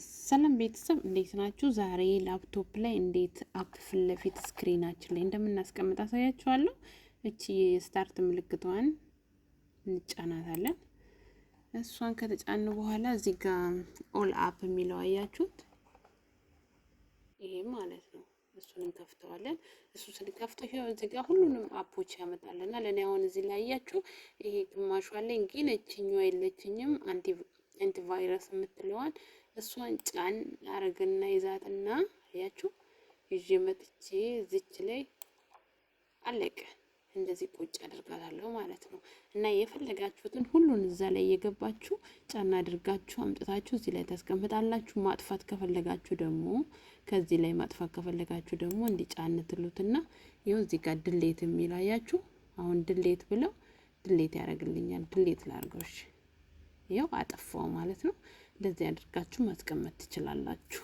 ሰላም ቤተሰብ እንዴት ናችሁ? ዛሬ ላፕቶፕ ላይ እንዴት አፕ ፊት ለፊት ስክሪናችን ላይ እንደምናስቀምጥ አሳያችኋለሁ። እቺ የስታርት ምልክቷን እንጫናታለን። እሷን ከተጫን በኋላ እዚህ ጋር ኦል አፕ የሚለው አያችሁት? ይሄ ማለት ነው። እሱን እንከፍተዋለን። እሱ ስንከፍተው ይሄው እዚህ ጋር ሁሉንም አፖች ያመጣልና ለእኔ አሁን እዚህ ላይ አያችሁ፣ ይሄ ግማሿ አለኝ ግን እችኛዋ የለችኝም አንቲ አንቲ ቫይረስ የምትለዋን እሷን ጫን አረግና ይዛትና ያችሁ ይዤ መጥቼ ዝች ላይ አለቀ። እንደዚህ ቁጭ አድርጋታለሁ ማለት ነው። እና የፈለጋችሁትን ሁሉን እዛ ላይ የገባችሁ ጫና አድርጋችሁ አምጥታችሁ እዚህ ላይ ታስቀምጣላችሁ። ማጥፋት ከፈለጋችሁ ደግሞ ከዚህ ላይ ማጥፋት ከፈለጋችሁ ደግሞ እንዲጫን ትሉትና ይኸው እዚህ ጋር ድሌት የሚል አያችሁ። አሁን ድሌት ብለው ድሌት ያደርግልኛል። ድሌት ላርገው ያው አጠፋው ማለት ነው። እንደዚህ አድርጋችሁ ማስቀመጥ ትችላላችሁ።